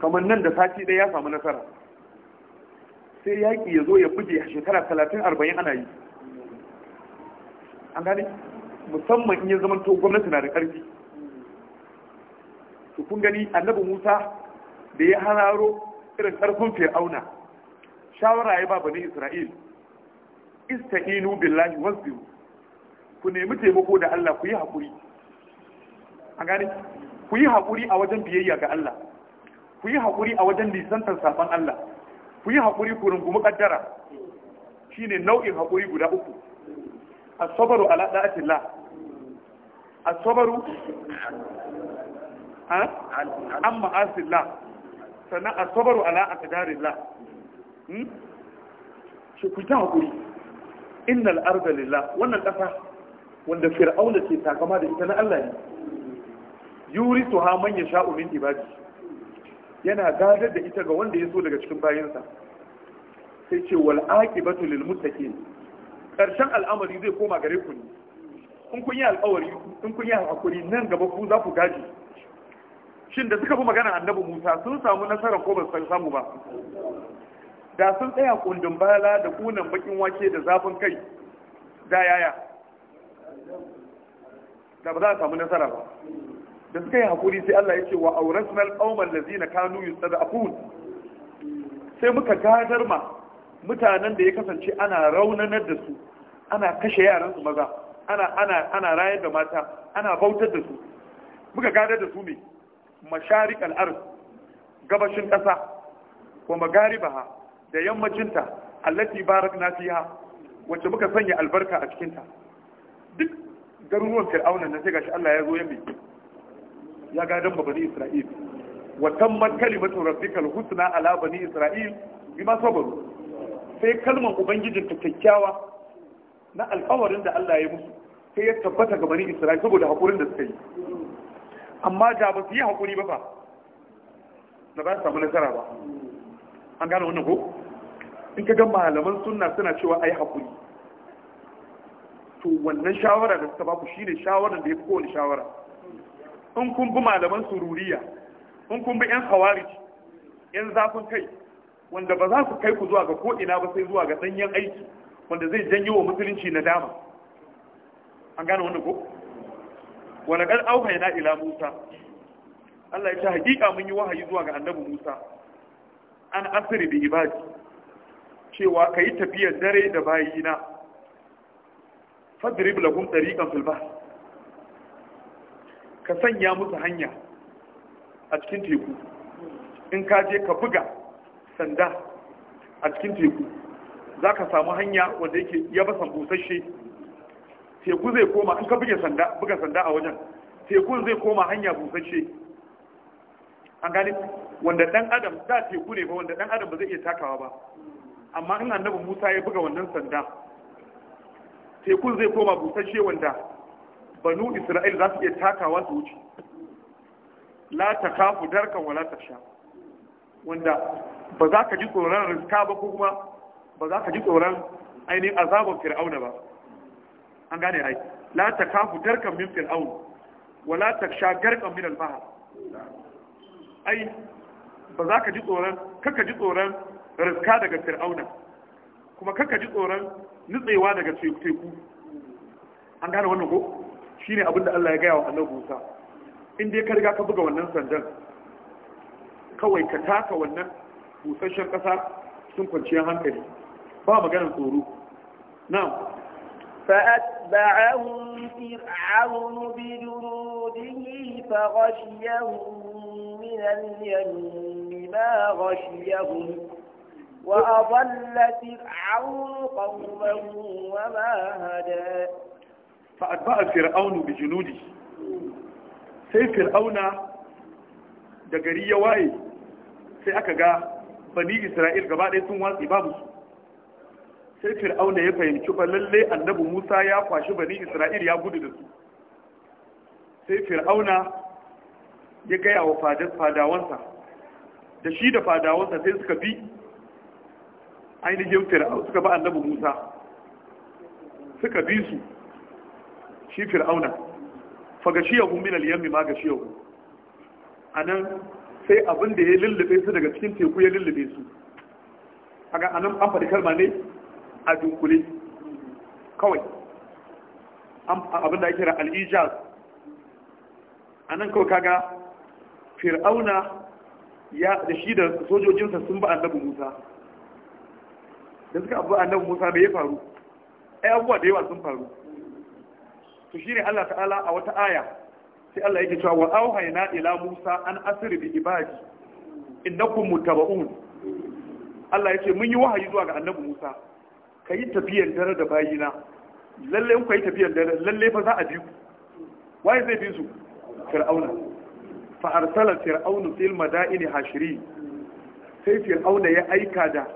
kamar nan da sati ɗaya ya samu nasara sai yaƙi ya zo ya buge a shekara talatin arba'in ana yi an gane musamman in ya zama to gwamnati na da ƙarfi to kun gani annabi musa da ya hararo irin ƙarfin fir'auna shawara ya ba bani isra'il ista'inu billahi wasbiru ku nemi taimako da Allah ku yi haƙuri an gane ku yi haƙuri a wajen biyayya ga Allah ku yi haƙuri a wajen lisantar safan Allah ku yi haƙuri ku rungumi ƙaddara shine nau'in haƙuri guda uku as-sabru ala da'atillah as-sabru amma asilla, sannan as-sabru ala aqdarillah Hmm? shi ku ta hakuri? innal arda lillah wannan ƙasa wanda fir'auna ke takama da ita na Allah ne yuri su ha man yasha'u min ibadi yana gadar da ita ga wanda ya so daga cikin bayinsa sai ce wal aqibatu lil muttaqin karshen al'amari zai koma gare ku ne in kun yi alƙawari in kun yi hakuri nan gaba ku za ku gaji shin da suka fi magana annabi Musa sun samu nasara ko ba su samu ba da sun tsaya kundin bala da kunan bakin wake da zafin kai da yaya da ba za a samu nasara ba da suka yi hakuri sai Allah ya ce wa aurasnal qauman zina kanu yustad'afun sai muka gadar ma mutanen da ya kasance ana raunanar da su ana kashe yaran su maza ana ana ana rayar da mata ana bautar da su muka gadar da su ne masharik al gabashin ƙasa wa magaribaha da yammacinta allati barakna fiha wacce muka sanya albarka a cikinta duk garuruwan fir'auna na sai gashi Allah ya zo ya mai ya gadan bani Isra'il wa tammat kalimatu rabbikal husna ala bani Isra'il bima sabaru sai kalmar ubangijin ta kyakkyawa na alƙawarin da Allah ya musu sai ya tabbata ga bani Isra'il saboda hakurin da suka yi amma da ba su yi hakuri ba fa da ba su samu nasara ba an gane wannan ko in ka ga malaman sunna suna cewa ai hakuri to wannan shawara da suka baku shine shawaran da ya fi kowane shawara in kun bi malaman sururiya in kun bi yan khawarij yan zafin kai wanda ba za su kai ku zuwa ga ko'ina ba sai zuwa ga danyen aiki wanda zai janyo wa musulunci na dama an gane wannan ko wala qad auhayna ila musa Allah ya ce hakika mun yi wahayi zuwa ga annabi musa an asiri bi ibadi cewa ka yi tafiyar dare da bayina fadrib lahum tariqan fil bahr ka sanya musu hanya a cikin teku in ka je ka buga sanda a cikin teku za ka samu hanya wanda yake ya basan busasshe teku zai koma in ka buga sanda buga sanda a wajen tekun zai koma hanya busashe. an gani wanda dan adam da teku ne ba wanda dan adam ba zai iya takawa ba amma in annabi Musa ya buga wannan sanda tekun zai koma busasshe wanda banu Isra'il za su iya takawa su wuce la kafu darkan wala ta sha. wanda ba za ka ji tsoron rizka ba ko kuma ba za ka ji tsoron ainihin azabar fir'auna ba an gane ai la kafu darkan min fir'aun wala ta sha garkan min al ai ba za ka ji tsoron kaka ji tsoron riska daga fir'auna kuma kakka ji tsoron nutsewa daga teku an gane wannan ko shine abin da Allah ya gaya wa Allah Musa in dai ka riga ka buga wannan sandan kawai ka taka wannan busasshen kasa sun kwanciya hankali ba maganar tsoro na'am فأتبعهم فرعون بجنوده فغشيهم من اليم ما غشيهم وأضل فرعون قومه وما هدى فأتبع فرعون بجنوده sai fir'auna da gari ya waye sai aka ga bani isra'il gaba ɗaya sun watsi babu su sai fir'auna ya fahimci ba lalle annabi musa ya kwashi bani isra'il ya gudu da su sai fir'auna ya gaya wa fadawansa da shi da fadawansa sai suka bi ainihin fir'aun suka ba annabi musa suka bi su shi fir'auna fagashiyahu min al-yammi ma gashiyahu anan sai abin da ya lullube su daga cikin teku ya lullube su kaga anan an faɗi kalma ne a dunkule kawai abin da ake kira al-ijaz anan kawai kaga fir'auna ya da shi da sojojinsa sun ba annabi Musa da suka abu nan Musa mai ya faru ai abubuwa da yawa sun faru to shine Allah ta'ala a wata aya sai Allah yake cewa wa auhayna ila Musa an asir bi ibadi innakum mutaba'un Allah yake mun yi wahayi zuwa ga annabi Musa kayi tafiyar dare da bayina lalle kuka yi tafiyar dare lalle fa za a bi ku waye zai bi su fir'auna fa arsala fir'aunu fil madaini hashiri sai fir'auna ya aika da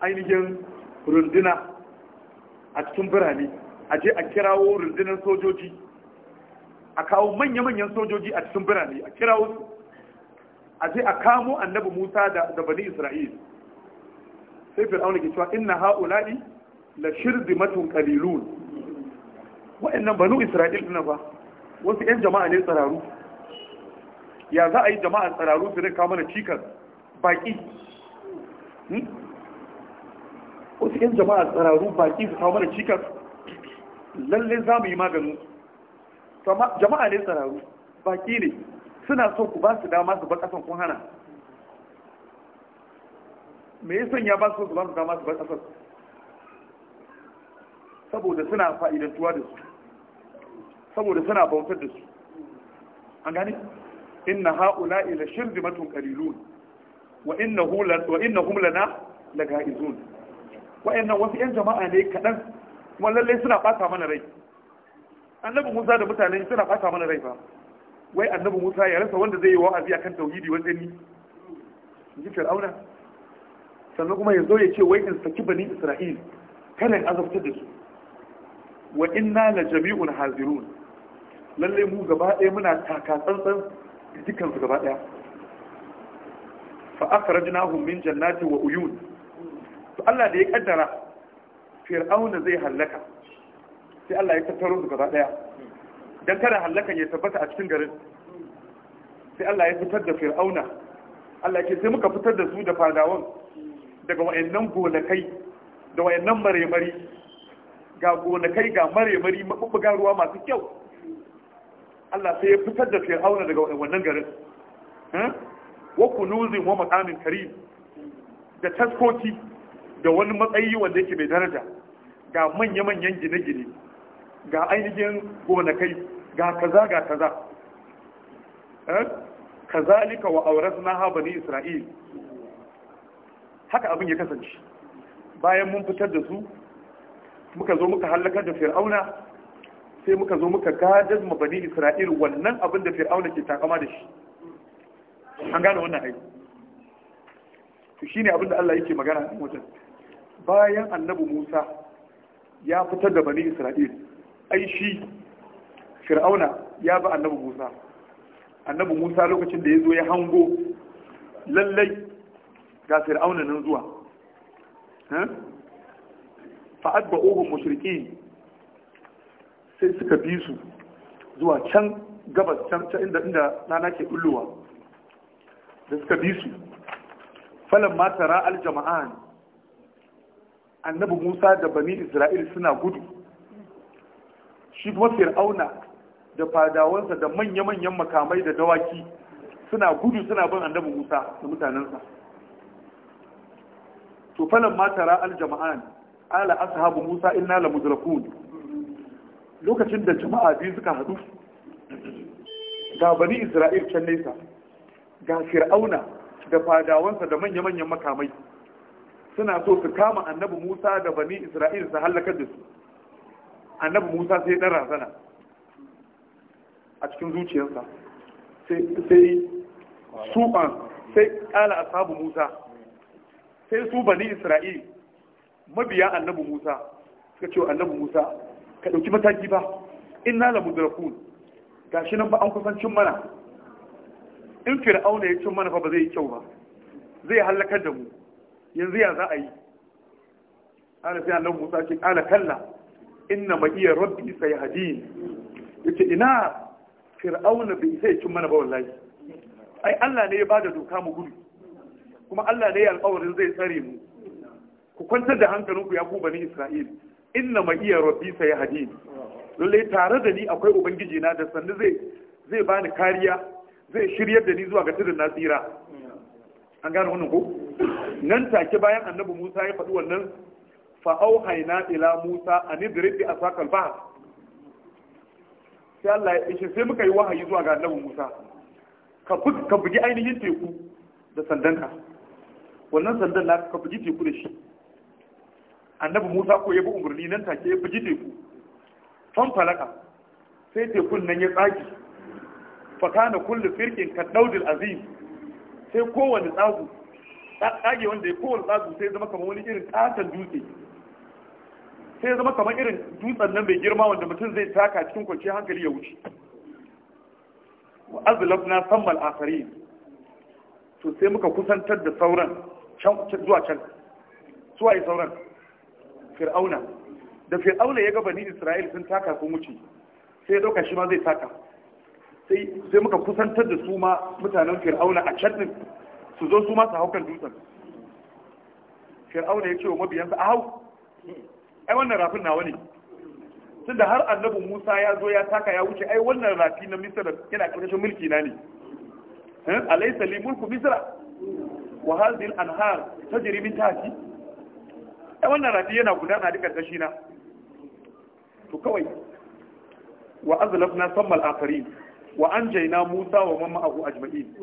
ainihin runduna a cikin birane a je a kirawo rundunar sojoji a kawo manya-manyan sojoji a cikin birane a kirawo su a je a kamo annabi musa da bani isra'il sai fir'auna ke cewa inna ha'ula'i la shirzimatun qalilun wa'annan banu isra'il din ba wasu 'yan jama'a ne tsararu ya za a yi jama'a tsararu su rinka mana cikas baki hmm? wasu yan jama'a tsararru baki su kawo mana cikas lalle za mu yi maganin jama'a ne tsararru baki ne suna so ku ba su dama su bar kasan kun hana me ya sanya ba su ba su dama su bar kasan saboda suna fa'idantuwa da su saboda suna bautar da su an gani inna ha'ula ila shirzimatun qalilun wa na lana laga'izun wa'annan wasu 'yan jama'a ne kaɗan kuma lallai suna ɓata mana rai annabi musa da mutane suna ɓata mana rai ba wai annabi musa ya rasa wanda zai yi wa'azi akan tauhidi wanda ni ji fir'auna sannan kuma ya zo ya ce wai in saki bani isra'il kana in azabtar da su wa inna la jami'un hazirun Lallai mu gaba ɗaya muna taka tsantsan dukkan su gaba ɗaya fa akhrajnahum min jannati wa uyun to Allah da ya kaddara fir'auna zai halaka sai Allah ya tattaro su gaba daya dan kada halakan ya tabbata a cikin garin sai Allah ya fitar da fir'auna Allah ke sai muka fitar da su da fadawan daga wayannan gonakai da wayannan maremari ga gonakai ga maremari mabubbuga ruwa masu kyau Allah sai ya fitar da fir'auna daga wannan garin wa kunuzin wa maqamin karim da taskoki da wani matsayi wanda yake mai daraja ga manya-manyan gine-gine ga ainihin gonakai ga kaza ga kaza eh? kazalika wa auratna ha bani isra'il haka abin ya kasance bayan mun fitar da su muka zo muka halakar da fir'auna sai muka zo muka gadar ma bani isra'il wannan abin da fir'auna ke takama da shi an gane wannan aiki to ne abin da Allah yake magana a wajen bayan annabi Musa ya fitar da bani Isra'il ai shi Fir'auna ya ba annabi Musa annabi Musa lokacin da ya zo ya hango lallai ga Fir'auna nan zuwa fa'ad ba ohun mashirki sai suka bi su zuwa can gabas can inda inda rana ke bullowa da suka bi su falon aljama'an annabi Musa da bani Isra'il suna gudu shi kuma Fir'auna da fadawansa da manya-manyan makamai da dawaki suna gudu suna bin annabi Musa da mutanensa to falan matara tara aljama'an ala ashabu Musa inna la mudrakun lokacin da jama'a biyu suka hadu ga bani Isra'il can nesa ga Fir'auna da fadawansa da manya-manyan makamai suna so su kama annabi Musa da bani Isra'il su halakar da su annabi Musa sai dan razana a cikin zuciyarsa sai sai sai kala asabu Musa sai su bani Isra'il mabiya annabi Musa suka ce annabi Musa ka dauki mataki ba inna la mudrakun gashi nan ba an cin mana in fir'auna ya cin mana fa ba zai yi kyau ba zai halakar da mu yanzu ya za a yi ana sai annabi Musa ce ala kalla inna ma iya rabbi hadin. yace ina fir'auna bai sai cin mana ba wallahi ai Allah ne ya bada doka mu gudu kuma Allah ne ya alƙawarin zai tsare mu ku kwantar da hankalinku ya ku bani Isra'il inna ma iya rabbi hadin. lalle tare da ni akwai ubangiji na da sannu zai zai bani kariya zai shiryar da ni zuwa ga tudun nasira an gane wannan ko nan take bayan annabi Musa ya faɗi wannan fa Haina ila Musa an idrib bi a bahr sai Allah ya ishe sai muka yi wahayi zuwa ga annabi Musa ka ka bugi ainihin teku da sandanka wannan sandan na ka bugi teku da shi annabi Musa ko ya bi umarni nan take ya bugi teku fan falaka sai tekun nan ya tsaki fa kana kullu firqin ka daudil azim sai kowane tsagu tsage wanda ya kowane tsagu sai zama kamar wani irin katon dutse sai zama kamar irin dutsen nan mai girma wanda mutum zai taka cikin kwanciyar hankali ya wuce azulaf na sammal akari to sai muka kusantar da sauran can zuwa can zuwa yi sauran fir'auna da fir'auna ya ga bani isra'il sun taka sun wuce sai ya ɗauka shi ma zai taka sai muka kusantar da su ma mutanen fir'auna a can din su zo su ma su haukan dutsen fir'auna ya ce wa mabiyansa a hau ai wannan rafin nawa ne tunda har annabi Musa ya zo ya taka ya wuce ai wannan rafi na Misra yana karkashin mulki na ne eh, alaysa li mulku Misra wa hadhihi al-anhar tajri min tahti ai wannan rafi yana gudana duka karkashi na to kawai wa azlafna thumma al-akhirin wa an jaina musa wa mamma abu ajma'in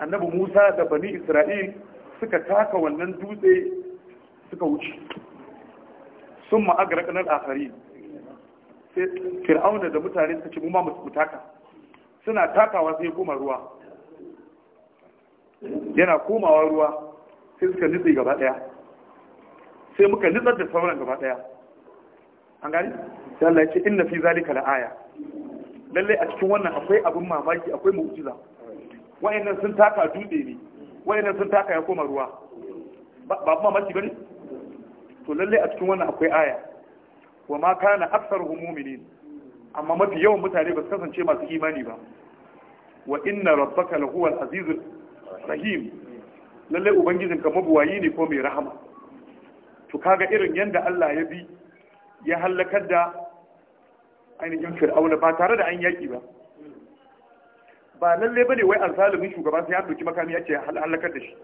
annabi musa da bani isra'il suka taka wannan dutse suka wuce sun ma'agara kanar afari sai fir'auna da mutane suka ce mu ma mu taka suna takawa sai kuma ruwa yana komawa ruwa sai suka nitsi gaba daya sai muka nitsar da sauran gaba daya an gani sai Allah ya ce inna fi zalika la aya lalle a cikin wannan akwai abin mamaki akwai mu'jiza wayannan sun taka dutse ne wayannan sun taka ya koma ruwa ba ba mamaki bane to lalle a cikin wannan akwai aya wa ma kana aktsaruhum mu'minin amma mafi yawan mutane ba su kasance masu imani ba wa inna rabbaka lahuwal azizul rahim lalle ka mabuwayi ne ko mai rahama to kaga irin yanda Allah ya bi ya halakar da ainihin fir'auna ba tare da an yaki ba ba lalle ne wai azzalumin shugaba sai ya doki makami ya ce halakar da shi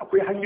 akwai hanyoyi